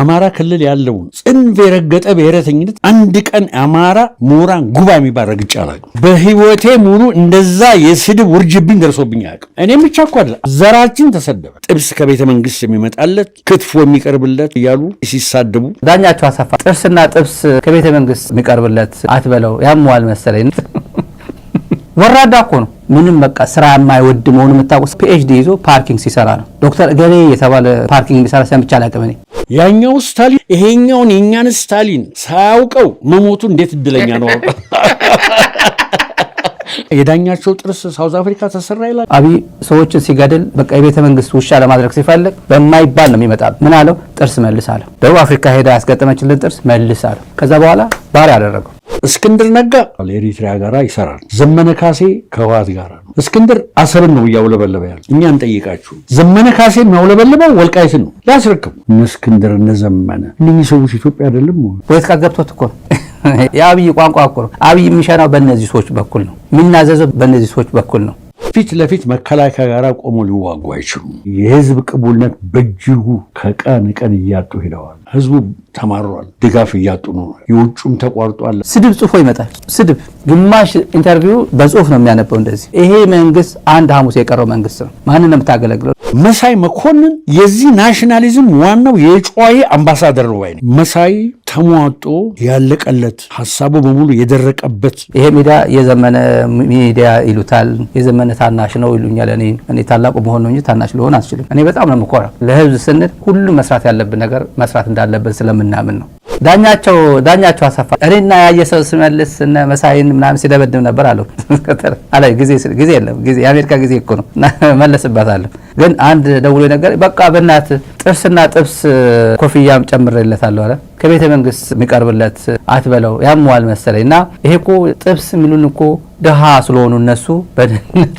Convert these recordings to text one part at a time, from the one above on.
አማራ ክልል ያለውን ጽንፍ የረገጠ ብሔረተኝነት አንድ ቀን አማራ ምሁራን ጉባ የሚባል ረግጬ አላውቅም። በህይወቴ ሙሉ እንደዛ የስድብ ውርጅብኝ ደርሶብኝ አያውቅም። እኔም ብቻ እኮ አይደለም፣ ዘራችን ተሰደበ። ጥብስ ከቤተ መንግስት የሚመጣለት ክትፎ የሚቀርብለት እያሉ ሲሳደቡ ዳኛቸው አሰፋ ጥርስና ጥብስ ከቤተ መንግስት የሚቀርብለት አትበለው ያሟል መሰለኝ ወራዳ እኮ ነው። ምንም በቃ ስራ የማይወድ መሆኑ የምታውቁት ፒኤችዲ ይዞ ፓርኪንግ ሲሰራ ነው። ዶክተር እገሌ የተባለ ፓርኪንግ እንዲሰራ ሰምቼ አላውቅም እኔ። ያኛው ስታሊን ይሄኛውን የእኛን ስታሊን ሳያውቀው መሞቱ እንዴት እድለኛ ነው። የዳኛቸው ጥርስ ሳውዝ አፍሪካ ተሰራ ይላል አብይ። ሰዎችን ሲገድል በቃ የቤተ መንግስት ውሻ ለማድረግ ሲፈልግ በማይባል ነው የሚመጣ። ምን አለው? ጥርስ መልስ አለ። ደቡብ አፍሪካ ሄዳ ያስገጠመችልን ጥርስ መልስ አለ ከዛ በኋላ ባሪያ አደረገው። እስክንድር ነጋ ለኤሪትሪያ ጋር ይሰራል። ዘመነ ካሴ ከህወሓት ጋር ነው። እስክንድር አሰብን ነው እያውለበለበ ያለ። እኛን ጠይቃችሁ ዘመነ ካሴ የሚያውለበልበው ወልቃይትን ነው ያስረክቡ እነ እስክንድር እነ ዘመነ ሰዎች ኢትዮጵያ አይደለም ፖለቲካ ገብቶት እኮ ነው የአብይ ቋንቋ እኮ ነው። አብይ የሚሸናው በእነዚህ ሰዎች በኩል ነው፣ የሚናዘዘው በእነዚህ ሰዎች በኩል ነው። ፊት ለፊት መከላከያ ጋር ቆሞ ሊዋጉ አይችሉም። የህዝብ ቅቡልነት በእጅጉ ከቀን ቀን እያጡ ሄደዋል። ህዝቡ ተማሯል። ድጋፍ እያጡ ነው። የውጩም ተቋርጧል። ስድብ ጽፎ ይመጣል። ስድብ ግማሽ ኢንተርቪው በጽሁፍ ነው የሚያነበው። እንደዚህ ይሄ መንግስት አንድ ሐሙስ የቀረው መንግስት ነው። ማንን ነው የምታገለግለው? መሳይ መኮንን የዚህ ናሽናሊዝም ዋናው የጨዋዬ አምባሳደር ነው ባይ መሳይ ተሟጦ ያለቀለት ሀሳቡ በሙሉ የደረቀበት ይሄ ሚዲያ የዘመነ ሚዲያ ይሉታል። የዘመነ ታናሽ ነው ይሉኛል። እኔ እኔ ታላቁ መሆን ነው እንጂ ታናሽ ልሆን አልችልም። እኔ በጣም ነው የምኮራው። ለህዝብ ስንል ሁሉ መስራት ያለብን ነገር መስራት እንዳለብን ስለምናምን ነው። ዳኛቸው ዳኛቸው አሰፋ እኔና ያየ ሰው ስመልስ እነ መሳይን ምናምን ሲደበድብ ነበር አለው አለ። ጊዜ የለም ጊዜ የአሜሪካ ጊዜ እኮ ነው። መለስባታለሁ። ግን አንድ ደውሎ ነገር በቃ በእናት ጥርስና ጥብስ ኮፍያም ጨምሬለታለሁ አለ። ከቤተ መንግስት የሚቀርብለት አትበለው ያሟል መሰለኝ እና ይሄ እኮ ጥብስ የሚሉን እኮ ድሃ ስለሆኑ እነሱ በድህነት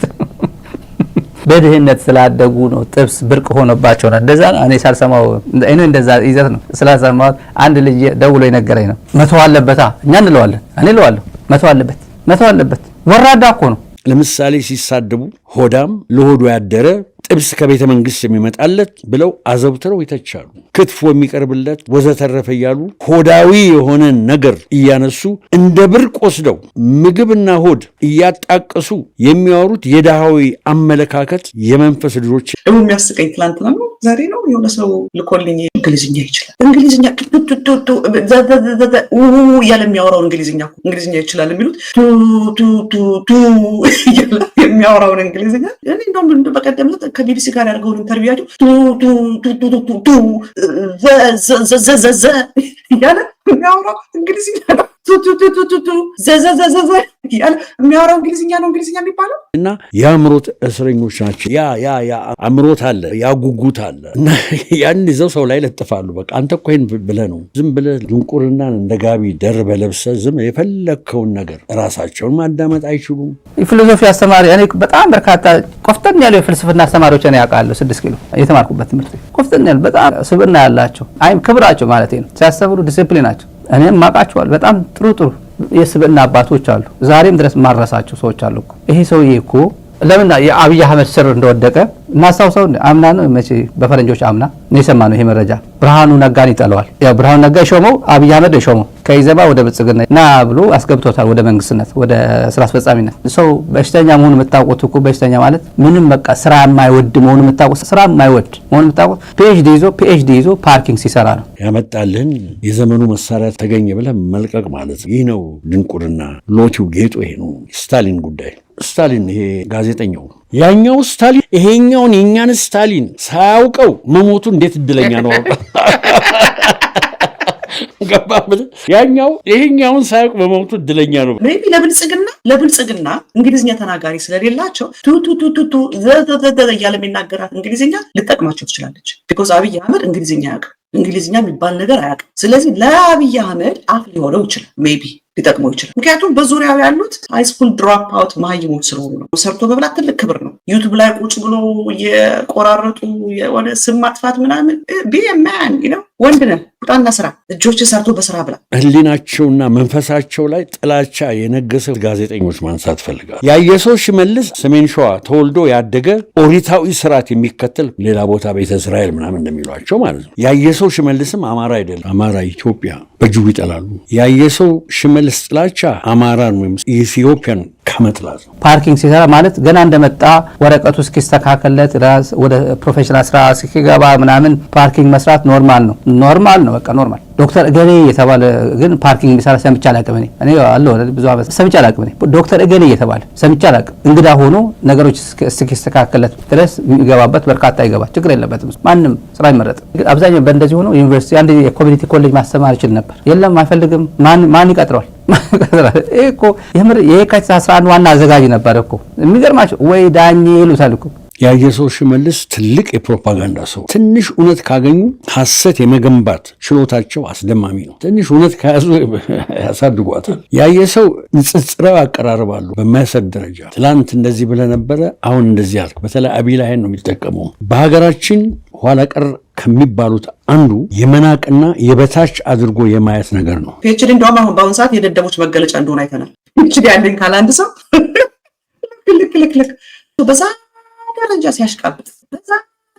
በድህነት ስላደጉ ነው ጥብስ ብርቅ ሆኖባቸው ነው። እንደዛ እኔ ሳልሰማው እኔ እንደዛ ይዘት ነው ስላሰማሁት አንድ ልጅ ደውሎ የነገረኝ ነው። መተው አለበታ እኛ እንለዋለን፣ እኔ እለዋለሁ። መተው አለበት፣ መተው አለበት። ወራዳ እኮ ነው። ለምሳሌ ሲሳደቡ ሆዳም ለሆዱ ያደረ ጥብስ ከቤተ መንግስት የሚመጣለት ብለው አዘውትረው ይተቻሉ። ክትፎ የሚቀርብለት ወዘተረፈ እያሉ ሆዳዊ የሆነ ነገር እያነሱ እንደ ብርቅ ወስደው ምግብና ሆድ እያጣቀሱ የሚያወሩት የድሃዊ አመለካከት የመንፈስ ልጆች ደግሞ የሚያስቀኝ ትላንትና ነው ዛሬ ነው የሆነ ሰው ልኮልኝ እንግሊዝኛ ይችላል እንግሊዝኛ እያለ የሚያወራውን እንግሊዝኛ እንግሊዝኛ ይችላል የሚሉት የሚያወራውን እንግሊዝኛ እኔ በቀደም ዕለት ከቢቢሲ ጋር ያደርገውን ኢንተርቪዋቸው ቱ እያለ የሚያወራው እንግሊዝኛ ነው። ቱቱቱቱቱ ዘዘዘዘዘ እያለ የሚያወራው እንግሊዝኛ ነው እንግሊዝኛ የሚባለው እና የአእምሮት እስረኞች ናቸው። ያ ያ ያ አእምሮት አለ፣ ያ ጉጉት አለ እና ያን ይዘው ሰው ላይ ለጥፋሉ። በቃ አንተ እኮ ይሄን ብለህ ነው ዝም ብለህ ድንቁርናን እንደ ጋቢ ደርበ ለብሰህ ዝም የፈለግከውን ነገር እራሳቸውን ማዳመጥ አይችሉም። የፊሎሶፊ አስተማሪ እኔ በጣም በርካታ ቆፍጠን ያሉ የፍልስፍና አስተማሪዎች እኔ ያውቃለሁ። ስድስት ኪሎ የተማርኩበት ትምህርት ቆፍጠን ያሉ በጣም ስብና ያላቸው አይም ክብራቸው ማለት ነው ሲያስተምሩ ዲስፕሊን ናቸው እኔም ማቃቸዋል። በጣም ጥሩ ጥሩ የስብዕና አባቶች አሉ። ዛሬም ድረስ ማረሳቸው ሰዎች አሉ። ይሄ ሰውዬ እኮ ለምን የአብይ አህመድ ስር እንደወደቀ እናስታውሰው። አምና ነው መቼ በፈረንጆች አምና ነው የሰማነው ይሄ መረጃ። ብርሃኑ ነጋን ይጠለዋል። ያው ብርሃኑ ነጋ የሾመው አብይ አህመድ የሾመው ከኢዜማ ወደ ብልጽግና ና ብሎ አስገብቶታል፣ ወደ መንግስትነት፣ ወደ ስራ አስፈጻሚነት። ሰው በሽተኛ መሆኑ የምታውቁት እኮ በሽተኛ ማለት ምንም በቃ ስራ የማይወድ መሆኑ የምታውቁት ስራ የማይወድ መሆኑ የምታውቁት ፒኤችዲ ይዞ ፒኤችዲ ይዞ ፓርኪንግ ሲሰራ ነው። ያመጣልህን የዘመኑ መሳሪያ ተገኘ ብለህ መልቀቅ ማለት ይህ ነው ድንቁርና። ሎቲው ጌጡ ይሄ ነው። ስታሊን ጉዳይ ስታሊን ይሄ ጋዜጠኛው ያኛው ስታሊን ይሄኛውን የኛን ስታሊን ሳያውቀው መሞቱ እንዴት እድለኛ ነው። ገባ ያኛው ይሄኛውን ሳያውቅ በመሞቱ እድለኛ ነው። ለብልጽግና ለብልጽግና እንግሊዝኛ ተናጋሪ ስለሌላቸው ቱቱቱቱቱ እያለ የሚናገራት እንግሊዝኛ ልጠቅማቸው ትችላለች። ቢኮዝ አብይ አህመድ እንግሊዝኛ አያውቅም። እንግሊዝኛ የሚባል ነገር አያውቅም። ስለዚህ ለአብይ አህመድ አፍ ሊሆነው ይችላል ሜይ ቢ ሊጠቅመው ይችላል። ምክንያቱም በዙሪያው ያሉት ሃይስኩል ድሮፕ አውት መሀይሞች ስለሆኑ ነው። ሰርቶ መብላት ትልቅ ክብር ነው። ዩቱብ ላይ ቁጭ ብሎ የቆራረጡ የሆነ ስም ማጥፋት ምናምን ቢ ማን ነው ወንድ ነህ ውጣና ስራ እጆች ሰርቶ በስራ ብላ። ህሊናቸውና መንፈሳቸው ላይ ጥላቻ የነገሰ ጋዜጠኞች ማንሳት ፈልጋል። ያየሰው ሽመልስ ሰሜን ሸዋ ተወልዶ ያደገ ኦሪታዊ ስርዓት የሚከተል ሌላ ቦታ ቤተ እስራኤል ምናምን እንደሚሏቸው ማለት ነው። ያየሰው ሽመልስም አማራ አይደለም። አማራ ኢትዮጵያ በእጅጉ ይጠላሉ። ያየሰው ሽመልስ ጥላቻ አማራን ወይም ኢትዮጵያን ከመጥላት ነው። ፓርኪንግ ሲሰራ ማለት ገና እንደመጣ ወረቀቱ እስኪስተካከልለት ወደ ፕሮፌሽናል ስራ እስኪገባ ምናምን ፓርኪንግ መስራት ኖርማል ነው። ኖርማል ነው፣ በቃ ኖርማል። ዶክተር እገሌ የተባለ ግን ፓርኪንግ የሚሰራ ሰምቼ አላቅም። እኔ እኔ አለሁ ብዙ ዓመት ሰምቼ አላቅም። እኔ ዶክተር እገሌ የተባለ ሰምቼ አላቅም። እንግዳ ሆኖ ነገሮች እስኪስተካከለት ድረስ የሚገባበት በርካታ ይገባል፣ ችግር የለበትም። ማንም ስራ አይመረጥም። አብዛኛው በእንደዚህ ሆኖ ዩኒቨርሲቲ አንድ የኮሚኒቲ ኮሌጅ ማስተማር ይችል ነበር። የለም አይፈልግም። ማን ይቀጥረዋል? ይሄ እኮ የምር የካቲት 11 ዋና አዘጋጅ ነበር እኮ የሚገርማቸው ወይ ዳኜ ይሉታል እኮ የአየሰው ሽመልስ ትልቅ የፕሮፓጋንዳ ሰው። ትንሽ እውነት ካገኙ ሐሰት የመገንባት ችሎታቸው አስደማሚ ነው። ትንሽ እውነት ከያዙ ያሳድጓታል። የአየሰው ሰው አቀራረብ አሉ። በማያሰብ ደረጃ ትላንት እንደዚህ ብለህ ነበረ፣ አሁን እንደዚህ አልክ። በተለይ አቢላይን ነው የሚጠቀመው በሀገራችን ኋላ ቀር ከሚባሉት አንዱ የመናቅና የበታች አድርጎ የማየት ነገር ነው። ፒኤችዲ እንደውም አሁን በአሁኑ ሰዓት የደደቦች መገለጫ እንደሆነ አይተናል። ፒኤችዲ ያለኝ ካለ አንድ ሰው በዛ ደረጃ ሲያሽቃብጥ በዛ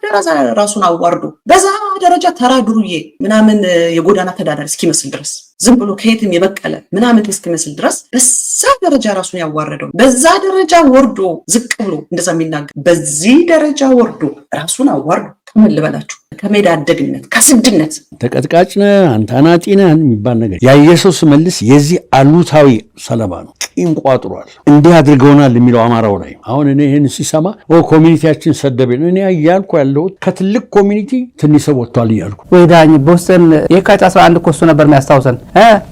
ደረጃ ራሱን አዋርዶ በዛ ደረጃ ተራ ዱርዬ ምናምን የጎዳና ተዳዳሪ እስኪመስል ድረስ ዝም ብሎ ከየትም የበቀለ ምናምን እስኪመስል ድረስ በዛ ደረጃ ራሱን ያዋረደው በዛ ደረጃ ወርዶ ዝቅ ብሎ እንደዛ የሚናገር በዚህ ደረጃ ወርዶ ራሱን አዋርዶ ምን ልበላችሁ ከሜዳ አደግነት ከስድነት ተቀጥቃጭ ነህ አንተ አናጢ የሚባል ነገር ያየ ሰው ስመልስ የዚህ አሉታዊ ሰለባ ነው። ቂም ቋጥሯል። እንዲህ አድርገውናል የሚለው አማራው ላይ አሁን እኔ ይህን ሲሰማ ኮሚኒቲያችን ሰደቤ ነው እኔ እያልኩ ያለሁት ከትልቅ ኮሚኒቲ ትንሽ ሰው ወጥቷል እያልኩ ወይ ዳኝ ቦስተን የካቲት 11 እኮ እሱ ነበር የሚያስታውሰን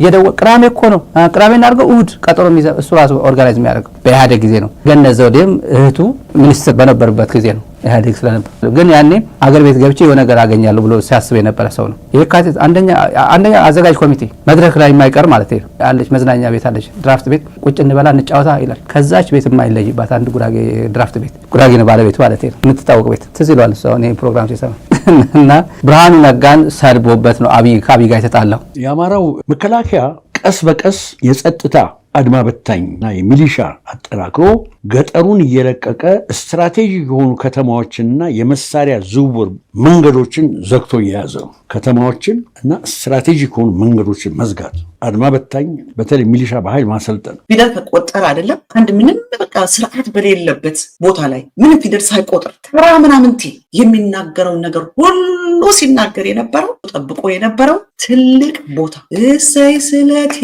የደወ ቅዳሜ እኮ ነው ቅዳሜ እናድርገው እሁድ ቀጠሮ እሱ ራሱ ኦርጋናይዝ የሚያደርገው በኢህአዴግ ጊዜ ነው። ገነት ዘውዴም እህቱ ሚኒስትር በነበርበት ጊዜ ነው። ኢህአዴግ ስለነበር ግን ያኔ አገር ቤት ገብቼ የሆነ ነገር አገኛለሁ ብሎ ሲያስብ የነበረ ሰው ነው። የካቲት አንደኛ አዘጋጅ ኮሚቴ መድረክ ላይ የማይቀር ማለት ነው አለች። መዝናኛ ቤት አለች፣ ድራፍት ቤት ቁጭ እንበላ እንጫወታ ይላል። ከዛች ቤት የማይለይባት አንድ ጉራጌ ድራፍት ቤት ጉራጌ ነው ባለቤቱ ማለት ነው፣ የምትታወቅ ቤት ትዝ ይሏል። እሱ አሁን ፕሮግራም ሲሰማ እና ብርሃኑ ነጋን ሰድቦበት ነው አብይ ከአብይ ጋር የተጣላው የአማራው መከላከያ ቀስ በቀስ የጸጥታ አድማ በታኝና የሚሊሻ አጠናክሮ ገጠሩን እየለቀቀ ስትራቴጂክ የሆኑ ከተማዎችንና የመሳሪያ ዝውውር መንገዶችን ዘግቶ እየያዘ ነው። ከተማዎችን እና ስትራቴጂ የሆኑ መንገዶችን መዝጋት፣ አድማ በታኝ በተለይ ሚሊሻ በኃይል ማሰልጠን። ፊደል ከቆጠረ አይደለም አንድ ምንም በቃ ስርዓት በሌለበት ቦታ ላይ ምንም ፊደል ሳይቆጥር ተራ ምናምንቴ የሚናገረውን ነገር ሁሉ ሲናገር የነበረው ጠብቆ የነበረው ትልቅ ቦታ እሰይ ስለቴ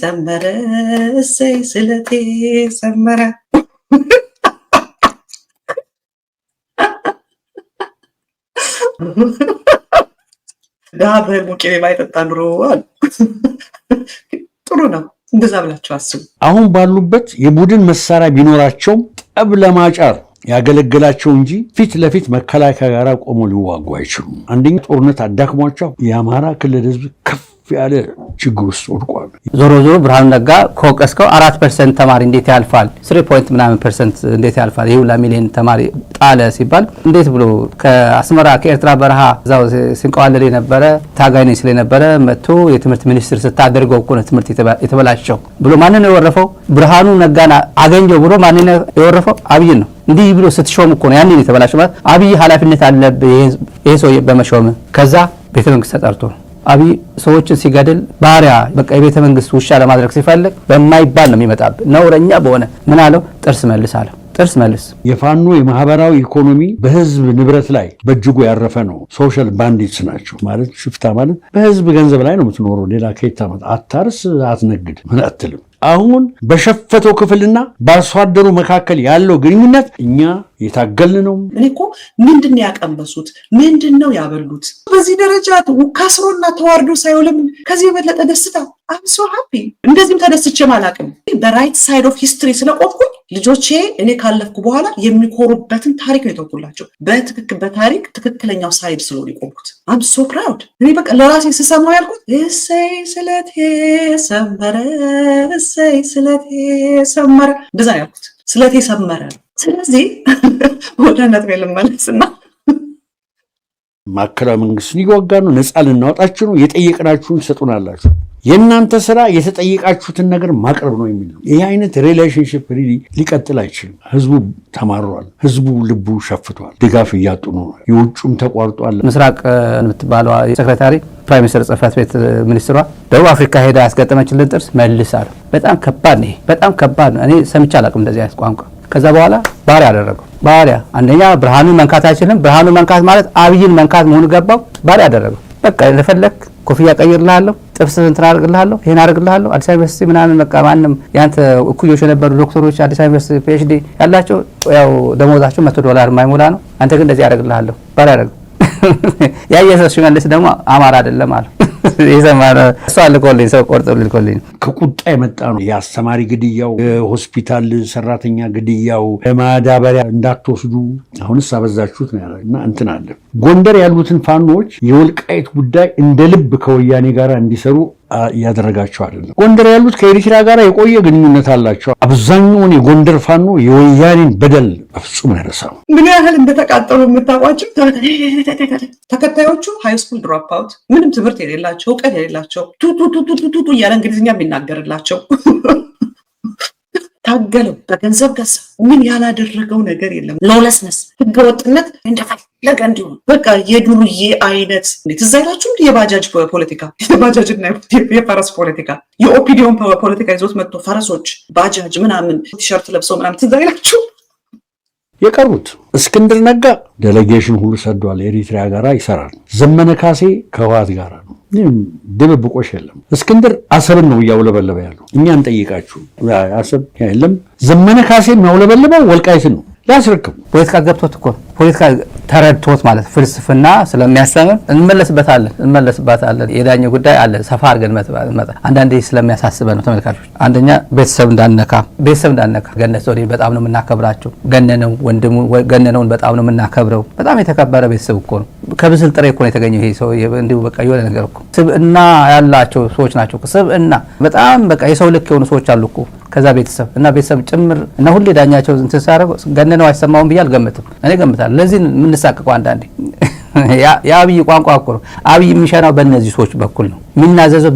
ሰመረ እሰይ ስለቴ ሰመረ ዳሃ በህልሙ ቅቤ ኑሮ ጥሩ ነው። እንደዛ ብላቸው አስቡ። አሁን ባሉበት የቡድን መሳሪያ ቢኖራቸውም ጠብ ለማጫር ያገለግላቸው እንጂ ፊት ለፊት መከላከያ ጋር ቆሞ ሊዋጉ አይችሉም። አንደኛ ጦርነት አዳክሟቸው የአማራ ክልል ህዝብ ከፍ ያለ ችግር ውስጥ ወድቋል። ዞሮ ዞሮ ብርሃኑ ነጋ ከወቀስከው አራት ፐርሰንት ተማሪ እንዴት ያልፋል? ስሪ ፖይንት ምናምን ፐርሰንት እንዴት ያልፋል? ይህ ሁላ ሚሊዮን ተማሪ ጣለ ሲባል እንዴት ብሎ ከአስመራ ከኤርትራ በረሃ እዛው ሲንቀዋለል የነበረ ታጋይ ነኝ ስለነበረ መጥቶ የትምህርት ሚኒስትር ስታደርገው እኮ ነው ትምህርት የተበላሸው ብሎ ማንን ነው የወረፈው? ብርሃኑ ነጋን አገኘው ብሎ ማንን የወረፈው? አብይ ነው እንዲህ ብሎ ስትሾም እኮ ነው ያንን የተበላሸው። ማለት አብይ ኃላፊነት አለብህ ይሄ ሰው በመሾም ከዛ ቤተ መንግስት ተጠርቶ አብይ ሰዎችን ሲገድል ባሪያ በቃ የቤተ መንግስት ውሻ ለማድረግ ሲፈልግ በማይባል ነው የሚመጣብ ነውረኛ በሆነ ምን አለው ጥርስ መልስ አለ ጥርስ መልስ የፋኖ የማህበራዊ ኢኮኖሚ በህዝብ ንብረት ላይ በእጅጉ ያረፈ ነው። ሶሻል ባንዲትስ ናቸው ማለት ሽፍታ ማለት በህዝብ ገንዘብ ላይ ነው የምትኖረው። ሌላ ከየት ታመጣ? አታርስ፣ አትነግድ፣ ምን አትልም። አሁን በሸፈተው ክፍልና በአርሶ አደሩ መካከል ያለው ግንኙነት እኛ እየታገልን ነው። እኔ እኮ ምንድን ያቀመሱት ምንድን ነው ያበሉት? በዚህ ደረጃ ካስሮና ተዋርዶ ሳይውልም ከዚህ የበለጠ ደስታ አምሶ ሀፒ እንደዚህም ተደስቼም አላውቅም። በራይት ሳይድ ኦፍ ሂስትሪ ስለቆምኩኝ ልጆቼ እኔ ካለፍኩ በኋላ የሚኮሩበትን ታሪክ ነው የተውኩላቸው። በትክክል በታሪክ ትክክለኛው ሳይድ ስለሆነ የቆምኩት አም ሶ ፕራውድ። እኔ በቃ ለራሴ ስሰማው ያልኩት እሰይ ስለቴ ሰመረ፣ እሰይ ስለቴ ሰመረ፣ እንደዛ ያልኩት ስለቴ ሰመረ ነው። ስለዚህ ወደ ነጥብ ልመለስና ማዕከላዊ መንግስቱን ይወጋ ነው፣ ነፃ ልናወጣችሁ ነው፣ የጠየቅናችሁን ሰጡናላችሁ። የእናንተ ስራ የተጠየቃችሁትን ነገር ማቅረብ ነው የሚል ይህ አይነት ሪሌሽንሽፕ ሊቀጥል አይችልም። ህዝቡ ተማሯል። ህዝቡ ልቡ ሸፍቷል። ድጋፍ እያጡ ነው። የውጩም ተቋርጧል። ምስራቅ የምትባለ ሴክሬታሪ ፕራይም ሚኒስትር ጽህፈት ቤት ሚኒስትሯ ደቡብ አፍሪካ ሄዳ ያስገጠመችልን ጥርስ መልስ አለ። በጣም ከባድ ነው። በጣም ከባድ ነው። እኔ ሰምቼ አላቅም እንደዚህ አይነት ቋንቋ። ከዛ በኋላ ባሪያ አደረገው። ባሪያ አንደኛ ብርሃኑን መንካት አይችልም። ብርሃኑን መንካት ማለት አብይን መንካት መሆኑ ገባው። ባሪያ አደረገው። በቃ እንደፈለግ ኮፍያ ቀይርልሃለሁ፣ ጥብስ እንትን አድርግልሃለሁ፣ ይህን አድርግልሃለሁ። አዲስ አበባ ዩኒቨርሲቲ ምናምን በቃ ማንም ያንተ እኩዮች የነበሩ ዶክተሮች አዲስ አበባ ዩኒቨርሲቲ ፒኤችዲ ያላቸው ያው ደሞዛቸው መቶ ዶላር የማይሞላ ነው። አንተ ግን እንደዚህ አድርግልሃለሁ ባላደረግ ያየሰው ሽመልስ ደግሞ አማራ አይደለም አለ። የሰማነ እሱ ሰው ቆርጦ ልኮልኝ ከቁጣ የመጣ ነው። የአስተማሪ ግድያው፣ የሆስፒታል ሰራተኛ ግድያው፣ ማዳበሪያ እንዳትወስዱ አሁንስ አበዛችሁት ነው ያለ እና እንትን አለ ጎንደር ያሉትን ፋኖዎች የወልቃይት ጉዳይ እንደ ልብ ከወያኔ ጋር እንዲሰሩ እያደረጋቸው አይደለም። ጎንደር ያሉት ከኤርትራ ጋር የቆየ ግንኙነት አላቸው። አብዛኛውን የጎንደር ፋኖ የወያኔን በደል በፍጹም አይረሳ ምን ያህል እንደተቃጠሉ የምታውቋቸው ተከታዮቹ ሃይስኩል ድሮፕ አውት፣ ምንም ትምህርት የሌላቸው እውቀት የሌላቸው ቱቱቱቱቱ እያለ እንግሊዝኛ የሚናገርላቸው ታገለው በገንዘብ ገሳ ምን ያላደረገው ነገር የለም። ሎለስነስ ህገወጥነት እንደፋል ለቀ እንዲሁም በቃ የዱርዬ አይነት እንዴት እዛ ይላችሁ እንዲ የባጃጅ ፖለቲካ የባጃጅ እና የፈረስ ፖለቲካ የኦፒዲዮን ፖለቲካ ይዞት መጥቶ ፈረሶች ባጃጅ ምናምን ቲሸርት ለብሰው ምናምን ትዛ ይላችሁ የቀሩት እስክንድር ነጋ ዴሌጌሽን ሁሉ ሰዷል። ኤሪትሪያ ጋራ ይሰራል። ዘመነ ካሴ ከህወሓት ጋር ነው። ድብብቆሽ የለም። እስክንድር አሰብን ነው እያውለበለበ ያለው። እኛን ጠይቃችሁ አሰብ የለም። ዘመነ ካሴ የሚያውለበልበው ወልቃይትን ነው ሊያስረክቡ ፖለቲካ ገብቶት እኮ ነው ፖለቲካ ተረድቶት ማለት ፍልስፍና ስለሚያስተምር እንመለስበታለን እንመለስበታለን። የዳኘው ጉዳይ አለ ሰፋ አድርገን መጣ አንዳንዴ ስለሚያሳስበ ነው። ተመልካቾች አንደኛ ቤተሰብ እንዳነካ ቤተሰብ እንዳነካ ገነት ዘውዴ በጣም ነው የምናከብራቸው። ገነነው ወንድሙ ገነነውን በጣም ነው የምናከብረው። በጣም የተከበረ ቤተሰብ እኮ ነው። ከብስል ጥሬ እኮ ነው የተገኘው ይሄ ሰው። እንዲሁ በቃ የሆነ ነገር እኮ ስብእና ያላቸው ሰዎች ናቸው። ስብእና በጣም በቃ የሰው ልክ የሆኑ ሰዎች አሉ እኮ ከዛ ቤተሰብ እና ቤተሰብ ጭምር እና ሁሌ ዳኛቸው እንትን ሲያደርገው ገነነው አይሰማውም ብዬ አልገምትም እኔ ገምታለሁ ይመጣል። ለዚህ የምንሳቅቀው አንዳንዴ የአብይ ቋንቋ እኮ ነው። አብይ የሚሸናው በእነዚህ ሰዎች በኩል ነው፣ የሚናዘዘው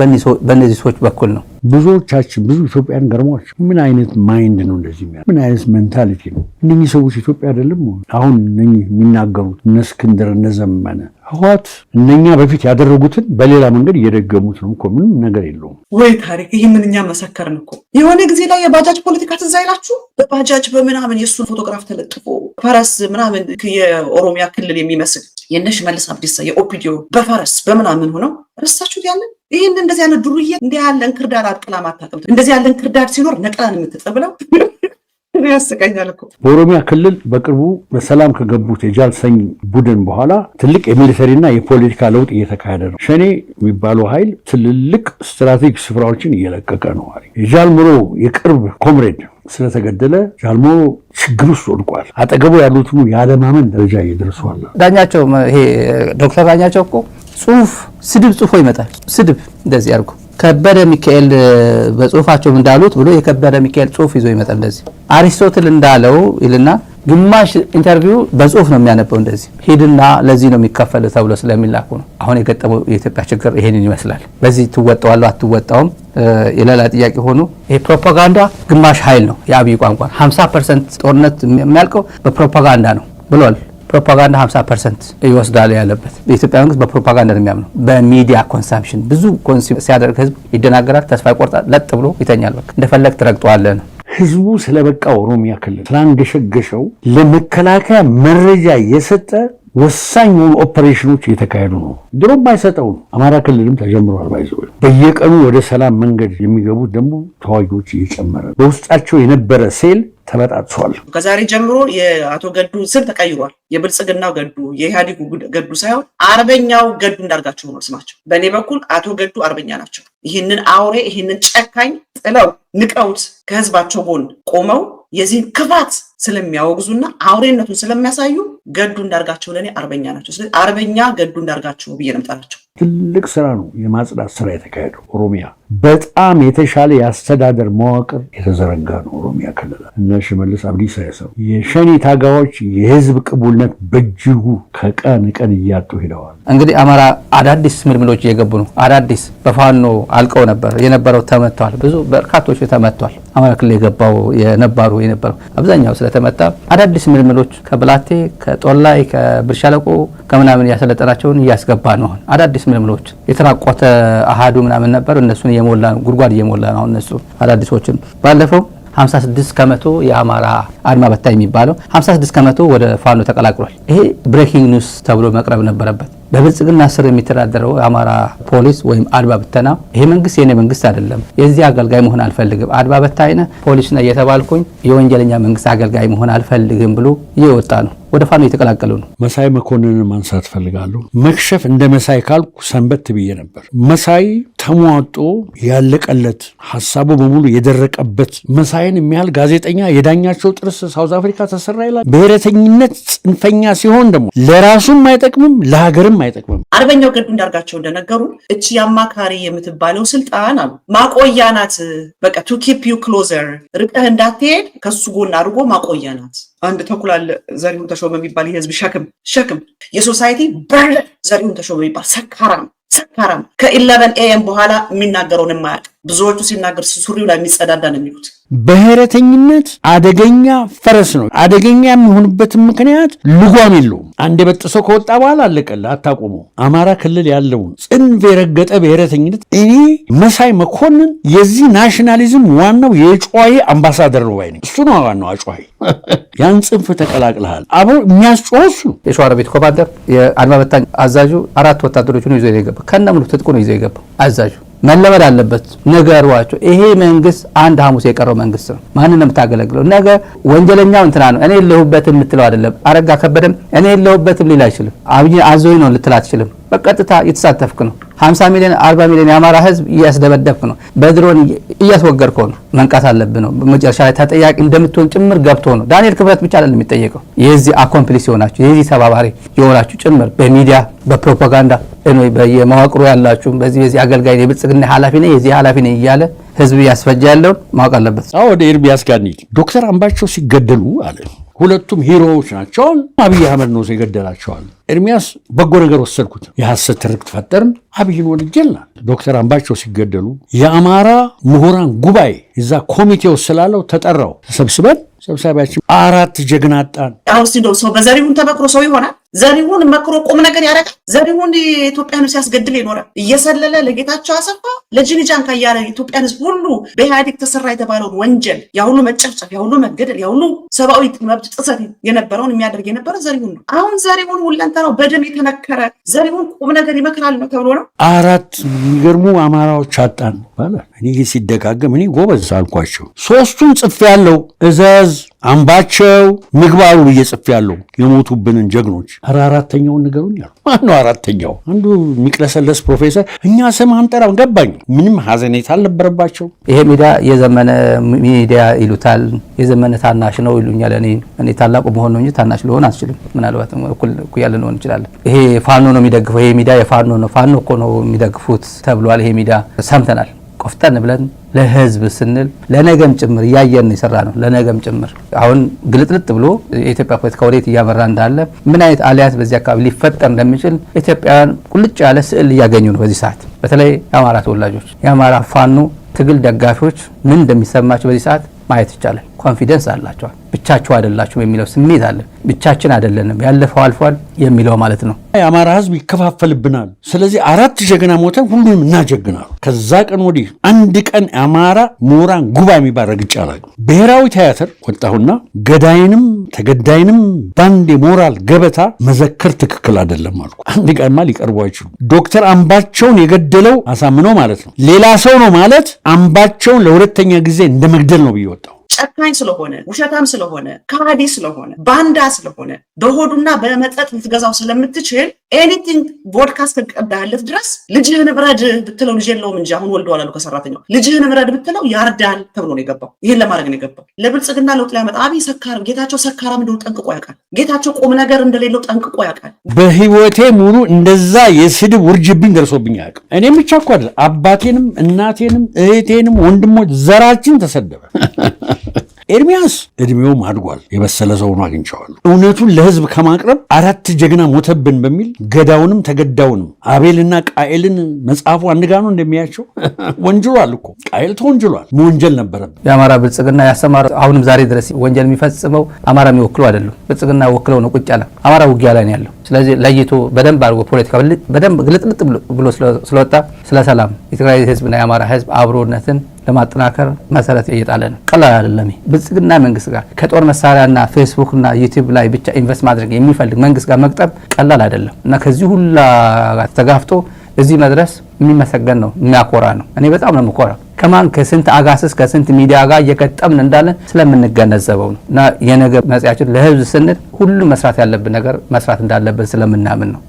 በእነዚህ ሰዎች በኩል ነው። ብዙዎቻችን ብዙ ኢትዮጵያን ገርሟች ምን አይነት ማይንድ ነው እንደዚህ የሚያ ምን አይነት ሜንታሊቲ ነው እነኚህ ሰዎች ኢትዮጵያ አይደለም አሁን እነኚህ የሚናገሩት እነ እስክንድር እነ ዘመነ ህዋት እነኛ በፊት ያደረጉትን በሌላ መንገድ እየደገሙት ነው እኮ ምንም ነገር የለውም ወይ ታሪክ ይህንን እኛ መሰከርን እኮ የሆነ ጊዜ ላይ የባጃጅ ፖለቲካ ትዝ አይላችሁ በባጃጅ በምናምን የእሱን ፎቶግራፍ ተለጥፎ ፈረስ ምናምን የኦሮሚያ ክልል የሚመስል የነሽ ሽመልስ አብዲሳ የኦፒዲዮ በፈረስ በምናምን ሆነው ረሳችሁት ያለን ይህን እንደዚህ ያለ ዱርዬ እንዲህ ያለ እንክርዳድ አቅላ እንደዚህ ያለ እንክርዳድ ሲኖር ነቅላን የምትጠብለው ያስቀኛል እኮ በኦሮሚያ ክልል በቅርቡ በሰላም ከገቡት የጃልሰኝ ቡድን በኋላ ትልቅ የሚሊተሪና የፖለቲካ ለውጥ እየተካሄደ ነው። ሸኔ የሚባለው ኃይል ትልልቅ ስትራቴጂክ ስፍራዎችን እየለቀቀ ነው። የጃልምሮ የቅርብ ኮምሬድ ስለተገደለ ጃልሞ ችግር ውስጥ ወድቋል። አጠገቡ ያሉት የአለማመን ደረጃ እየደርሷል። ዳኛቸው ይሄ ዶክተር ዳኛቸው እኮ ጽሁፍ ስድብ ጽፎ ይመጣል። ስድብ እንደዚህ ያልኩ ከበደ ሚካኤል በጽሁፋቸውም እንዳሉት ብሎ የከበደ ሚካኤል ጽሁፍ ይዞ ይመጣል። እንደዚህ አሪስቶትል እንዳለው ይልና ግማሽ ኢንተርቪው በጽሁፍ ነው የሚያነበው። እንደዚህ ሂድና ለዚህ ነው የሚከፈል ተብሎ ስለሚላኩ ነው። አሁን የገጠመው የኢትዮጵያ ችግር ይሄንን ይመስላል። በዚህ ትወጣዋለሁ አትወጣውም የሌላ ጥያቄ ሆኑ። ይሄ ፕሮፓጋንዳ ግማሽ ኃይል ነው የአብይ ቋንቋ 50 ፐርሰንት ጦርነት የሚያልቀው በፕሮፓጋንዳ ነው ብሏል። ፕሮፓጋንዳ 50 ፐርሰንት ይወስዳል ያለበት የኢትዮጵያ መንግስት በፕሮፓጋንዳ ነው የሚያምነው። በሚዲያ ኮንሳምፕሽን ብዙ ኮንሱም ሲያደርግ ህዝብ ይደናገራል፣ ተስፋ ይቆርጣል፣ ለጥ ብሎ ይተኛል። በቃ እንደፈለግ ትረግጠዋለህ ነው ህዝቡ ስለበቃ ኦሮሚያ ክልል ስላንገሸገሸው ለመከላከያ መረጃ የሰጠ ወሳኝ የሆኑ ኦፐሬሽኖች እየተካሄዱ ነው። ድሮም አይሰጠው ነው። አማራ ክልልም ተጀምሯል። ባይዘ በየቀኑ ወደ ሰላም መንገድ የሚገቡት ደግሞ ተዋጊዎች እየጨመረ በውስጣቸው የነበረ ሴል ተበጣጥሷል። ከዛሬ ጀምሮ የአቶ ገዱ ስም ተቀይሯል። የብልጽግናው ገዱ፣ የኢህአዴጉ ገዱ ሳይሆን አርበኛው ገዱ እንዳርጋቸው ነው ስማቸው። በእኔ በኩል አቶ ገዱ አርበኛ ናቸው። ይህንን አውሬ ይህንን ጨካኝ ጥለው ንቀውት ከህዝባቸው ጎን ቆመው የዚህን ክፋት ስለሚያወግዙና አውሬነቱን ስለሚያሳዩ ገዱ እንዳርጋቸው ለእኔ አርበኛ ናቸው። ስለዚህ አርበኛ ገዱ እንዳርጋቸው ብዬ ነው የምጠራቸው። ትልቅ ስራ ነው የማጽዳት ስራ የተካሄደው። ኦሮሚያ በጣም የተሻለ የአስተዳደር መዋቅር የተዘረጋ ነው። ኦሮሚያ ክልል እነ ሽመልስ አብዲሳ ያሰሩ የሸኔ ታጋዮች የህዝብ ቅቡልነት በእጅጉ ከቀን ቀን እያጡ ሄደዋል። እንግዲህ አማራ አዳዲስ ምልምሎች እየገቡ ነው። አዳዲስ በፋኖ አልቀው ነበር የነበረው ተመተዋል። ብዙ በርካቶች ተመተዋል። አማራ ክልል የገባው የነባሩ የነበረው አብዛኛው ስለተመታ አዳዲስ ምልምሎች ከብላቴ ከጦላይ ከብርሻለቆ ከምናምን ያሰለጠናቸውን እያስገባ ነው። አሁን አዳዲስ ምልምሎች የተራቆተ አሃዱ ምናምን ነበር። እነሱን እየሞላ ጉድጓድ እየሞላ ነው። አሁን እነሱ አዳዲሶችን ባለፈው 56 ከመቶ የአማራ አድማ በታ የሚባለው 56 ከመቶ ወደ ፋኖ ተቀላቅሏል። ይሄ ብሬኪንግ ኒውስ ተብሎ መቅረብ ነበረበት። በብልጽግና ስር የሚተዳደረው የአማራ ፖሊስ ወይም አድባ ብተና ይሄ መንግስት የኔ መንግስት አይደለም፣ የዚህ አገልጋይ መሆን አልፈልግም፣ አድባ በታይነ ፖሊስ ነ እየተባልኩኝ የወንጀለኛ መንግስት አገልጋይ መሆን አልፈልግም ብሎ እየወጣ ነው። ወደ ፋኖ የተቀላቀሉ ነው። መሳይ መኮንንን ማንሳት ፈልጋለሁ። መክሸፍ እንደ መሳይ ካልኩ ሰንበት ብዬ ነበር። መሳይ ተሟጦ ያለቀለት ሀሳቡ በሙሉ የደረቀበት መሳይን የሚያህል ጋዜጠኛ የዳኛቸው ጥርስ ሳውዝ አፍሪካ ተሰራ ይላል። ብሔረተኝነት ጽንፈኛ ሲሆን ደግሞ ለራሱም አይጠቅምም ለሀገርም ለማንም አይጠቅምም። አርበኛው ገዱ እንዳርጋቸው እንደነገሩ እቺ አማካሪ የምትባለው ስልጣን አሉ ማቆያ ናት። በቃ ቱ ኪፕ ዩ ክሎዘር ርቀህ እንዳትሄድ ከሱ ጎን አድርጎ ማቆያ ናት። አንድ ተኩል አለ ዘሪሁን ተሾመ የሚባል የህዝብ ሸክም ሸክም የሶሳይቲ በር ዘሪሁን ተሾመ የሚባል ሰካራም ሰካራም ከኢለቨን ኤኤም በኋላ የሚናገረውን የማያውቅ ብዙዎቹ ሲናገር ሱሪው ላይ የሚጸዳዳ ነው የሚሉት። ብሔረተኝነት አደገኛ ፈረስ ነው። አደገኛ የሚሆንበትን ምክንያት ልጓም የለውም። አንድ የበጥሶ ከወጣ በኋላ አለቀለ፣ አታቆሙ። አማራ ክልል ያለውን ጽንፍ የረገጠ ብሔረተኝነት እኔ መሳይ መኮንን የዚህ ናሽናሊዝም ዋናው የጨዋዬ አምባሳደር ነው ባይ ነኝ። እሱ ነው ዋናው አጨዋይ። ያን ጽንፍ ተቀላቅልሃል። አብሮ የሚያስጨዋ እሱ የሸዋሮ ቤት ኮማንደር፣ የአድማ በታኝ አዛዡ አራት ወታደሮች ነው ይዞ የገባ ከነሙሉ ትጥቁ ነው ይዞ የገባው አዛዡ መለመድ አለበት። ንገሯቸው፣ ይሄ መንግስት አንድ ሐሙስ የቀረው መንግስት ነው። ማንን ነው የምታገለግለው? ነገ ወንጀለኛው እንትና ነው እኔ የለሁበትም የምትለው አይደለም። አረጋ ከበደም እኔ የለሁበትም ሊል አይችልም። አብይ አዞኝ ነው ልትል አትችልም። በቀጥታ የተሳተፍክ ነው። 50 ሚሊዮን 40 ሚሊዮን የአማራ ህዝብ እያስደበደብክ ነው። በድሮን እያስወገድከው ነው። መንቃት አለብህ ነው። መጨረሻ ላይ ተጠያቂ እንደምትሆን ጭምር ገብቶ ነው። ዳንኤል ክብረት ብቻ አይደለም የሚጠየቀው። የዚህ አኮምፕሊስ የሆናችሁ የዚህ ተባባሪ የሆናችሁ ጭምር በሚዲያ በፕሮፓጋንዳ የመዋቅሩ ያላችሁ በዚህ በዚህ አገልጋይ የብልጽግና ኃላፊ ነኝ የዚህ ኃላፊ ነኝ እያለ ህዝብ እያስፈጃ ያለውን ማወቅ አለበት። ወደ ኤርሚያስ ጋር ዶክተር አምባቸው ሲገደሉ አለ ሁለቱም ሂሮዎች ናቸው። አብይ አህመድ ነው የገደላቸዋል። ኤርሚያስ በጎ ነገር ወሰድኩት። የሐሰት ትርክት ፈጠርን። አብይን ወድጀላ ዶክተር አምባቸው ሲገደሉ የአማራ ምሁራን ጉባኤ እዛ ኮሚቴው ስላለው ተጠራው። ተሰብስበን ሰብሳቢያችን አራት ጀግና አጣን። አሁን ሰው በዘሪሁን ተመክሮ ሰው ይሆናል ዘሪሁን መክሮ ቁም ነገር ያደርጋል። ዘሪሁን የኢትዮጵያን ሲያስገድል ይኖራል። እየሰለለ ለጌታቸው አሰፋ ለጂኒጃን ካያለ ኢትዮጵያን ህዝብ ሁሉ በኢህአዴግ ተሰራ የተባለውን ወንጀል ያሁሉ መጨፍጨፍ፣ ያሁሉ መገደል፣ ያሁሉ ሰብአዊ መብት ጥሰት የነበረውን የሚያደርግ የነበረ ዘሪሁን ነው። አሁን ዘሪሁን ሁለንተናው በደም የተነከረ ዘሪሁን ቁም ነገር ይመክራል ነው ተብሎ ነው። አራት የሚገርሙ አማራዎች አጣን ይባላል። እኔ ሲደጋገም እኔ ጎበዝ አልኳቸው። ሶስቱን ጽፌ ያለው እዘዝ አምባቸው ምግባሩ ብዬ ጽፌያለሁ። የሞቱብንን ጀግኖች። ኧረ አራተኛውን ንገሩን ያሉ ማነው? አራተኛው አንዱ የሚቅለሰለስ ፕሮፌሰር። እኛ ስም አንጠራም። ገባኝ። ምንም ሀዘኔታ አልነበረባቸው። ይሄ ሚዲያ የዘመነ ሚዲያ ይሉታል። የዘመነ ታናሽ ነው ይሉኛል። እኔ እኔ ታላቁ መሆን ነው እንጂ ታናሽ ልሆን አልችልም። ምናልባት እኩያ ልንሆን እንችላለን። ይሄ ፋኖ ነው የሚደግፈው። ይሄ ሚዲያ የፋኖ ነው፣ ፋኖ እኮ ነው የሚደግፉት ተብሏል። ይሄ ሚዲያ ሰምተናል። ቆፍጠን ብለን ለህዝብ ስንል ለነገም ጭምር እያየን የሰራ ነው። ለነገም ጭምር አሁን ግልጥልጥ ብሎ የኢትዮጵያ ፖለቲካ ወዴት እያመራ እንዳለ ምን አይነት አልያት በዚህ አካባቢ ሊፈጠር እንደሚችል ኢትዮጵያውያን ቁልጭ ያለ ስዕል እያገኙ ነው። በዚህ ሰዓት በተለይ የአማራ ተወላጆች፣ የአማራ ፋኖ ትግል ደጋፊዎች ምን እንደሚሰማቸው በዚህ ሰዓት ማየት ይቻላል። ኮንፊደንስ አላቸዋል። ብቻችሁ አይደላችሁም የሚለው ስሜት አለ። ብቻችን አይደለንም ያለፈው አልፏል የሚለው ማለት ነው። የአማራ ህዝብ ይከፋፈልብናል። ስለዚህ አራት ጀግና ሞተን ሁሉንም እናጀግናሉ። ከዛ ቀን ወዲህ አንድ ቀን የአማራ ምሁራን ጉባ የሚባል ረግጬ አላውቅም። ብሔራዊ ቲያትር ወጣሁና ገዳይንም ተገዳይንም ባንድ የሞራል ገበታ መዘከር ትክክል አይደለም አልኩ። አንድ ቀንማ ሊቀርቡ አይችሉም። ዶክተር አምባቸውን የገደለው አሳምነው ማለት ነው። ሌላ ሰው ነው ማለት አምባቸውን ለሁለተኛ ጊዜ እንደ መግደል ነው ብዬ ወጣሁ። ጨካኝ ስለሆነ፣ ውሸታም ስለሆነ፣ ካዲ ስለሆነ፣ ባንዳ ስለሆነ በሆዱና በመጠጥ ልትገዛው ስለምትችል ኤኒቲንግ ቮድካ እስከቀዳለት ድረስ ልጅህን እብረድ ብትለው ልጅ የለውም እንጂ አሁን ወልደዋል አሉ ከሰራተኛው ልጅህን እብረድ ብትለው ያርዳል ተብሎ ነው የገባው። ይህን ለማድረግ ነው የገባው። ለብልጽግና ለውጥ ሊያመጣ አብይ ሰካር ጌታቸው ሰካራም እንደሆነ ጠንቅቆ ያውቃል። ጌታቸው ቁም ነገር እንደሌለው ጠንቅቆ ያውቃል። በህይወቴ ሙሉ እንደዛ የስድብ ውርጅብኝ ደርሶብኝ አያውቅም። እኔ ብቻ እኮ አባቴንም እናቴንም እህቴንም ወንድሞች ዘራችን ተሰደበ። ኤርሚያስ እድሜውም አድጓል፣ የበሰለ ሰው ሆኖ አግኝቸዋለሁ። እውነቱን ለህዝብ ከማቅረብ አራት ጀግና ሞተብን በሚል ገዳውንም ተገዳውንም አቤልና ቃኤልን መጽሐፉ አንድ ጋኑ እንደሚያቸው ወንጅሏል እኮ ቃኤል ተወንጅሏል። መወንጀል ነበረበት። የአማራ ብልጽግና ያሰማረ አሁንም ዛሬ ድረስ ወንጀል የሚፈጽመው አማራ የሚወክለው አይደሉም፣ ብልጽግና ወክለው ነው ቁጭ ያለ አማራ ውጊያ ላይ ነው ያለው። ስለዚህ ለይቶ በደንብ አድርጎ ፖለቲካ በደንብ ግልጥልጥ ብሎ ስለወጣ ስለ ሰላም የትግራይ ህዝብና የአማራ ህዝብ አብሮነትን ለማጠናከር መሰረት እየጣለ ነው። ቀላል አይደለም። ብልጽግና መንግስት ጋር ከጦር መሳሪያና ፌስቡክና ዩቲዩብ ላይ ብቻ ኢንቨስት ማድረግ የሚፈልግ መንግስት ጋር መቅጠብ ቀላል አይደለም እና ከዚህ ሁላ ጋር ተጋፍጦ እዚህ መድረስ የሚመሰገን ነው፣ የሚያኮራ ነው። እኔ በጣም ነው የምኮራ ከማን ከስንት አጋስስ ከስንት ሚዲያ ጋር እየገጠምን እንዳለን ስለምንገነዘበው ነው። እና የነገ መጽያችን ለህዝብ ስንል ሁሉ መስራት ያለብን ነገር መስራት እንዳለብን ስለምናምን ነው።